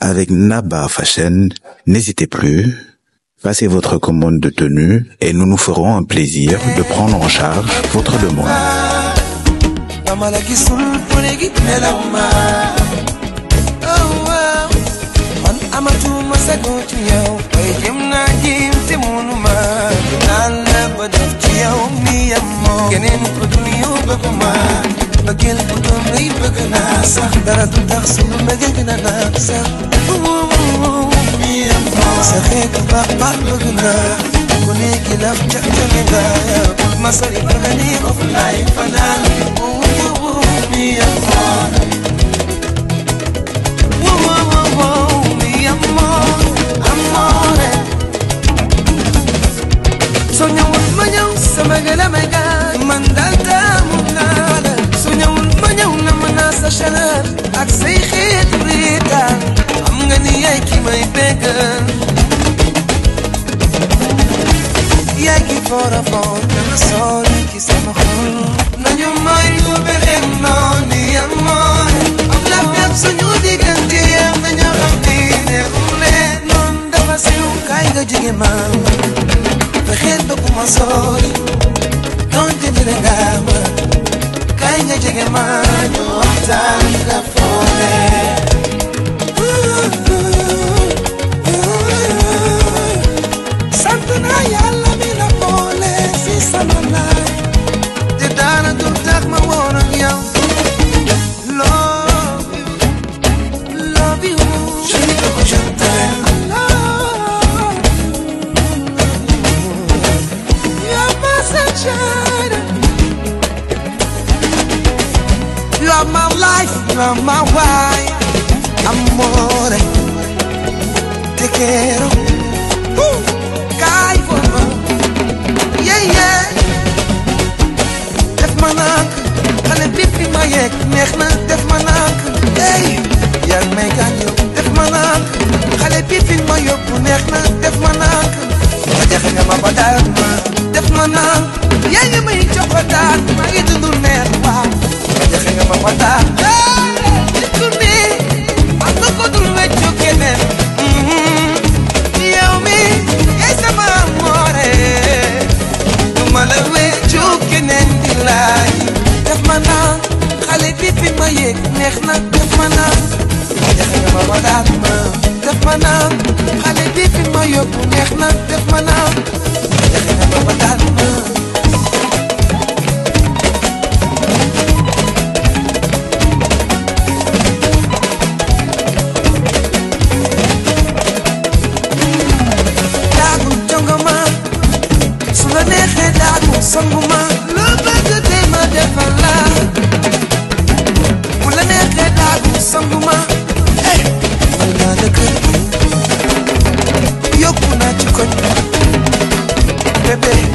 avec Naba Fashion. N'hésitez plus. Passez votre commande de tenue et nous nous ferons un plaisir de prendre en charge votre demande. خيك بقبل بغنا كونيك لم تحتم غاية كل مصري برغني وفلاي فنان ويومي يفعل Sognavo il magnum, se me che la mega, mandata munale. Sognavo il magnum, la manasa shanar, axi khit rita. I'm gonna yaki my beggar. vora volta é é na sole que se con Non io do lo verremo ni amore Ho la mia bisogno di grandi e meglio rapine Un le Não dava se un caigo di gemare are my life, you are my wife. Amore, te quiero. Uh, Kai Yeah, yeah. Def manak, kale pipi mayek, nechna def manak. Hey, yar me ganyo. Def manak, kale pipi mayo. ma yéeg neex na def ma naan neex nga ma walaat ma def ma naan xale bi fi ma yóbbu neex na def ma naan neex nga ma walaat Baby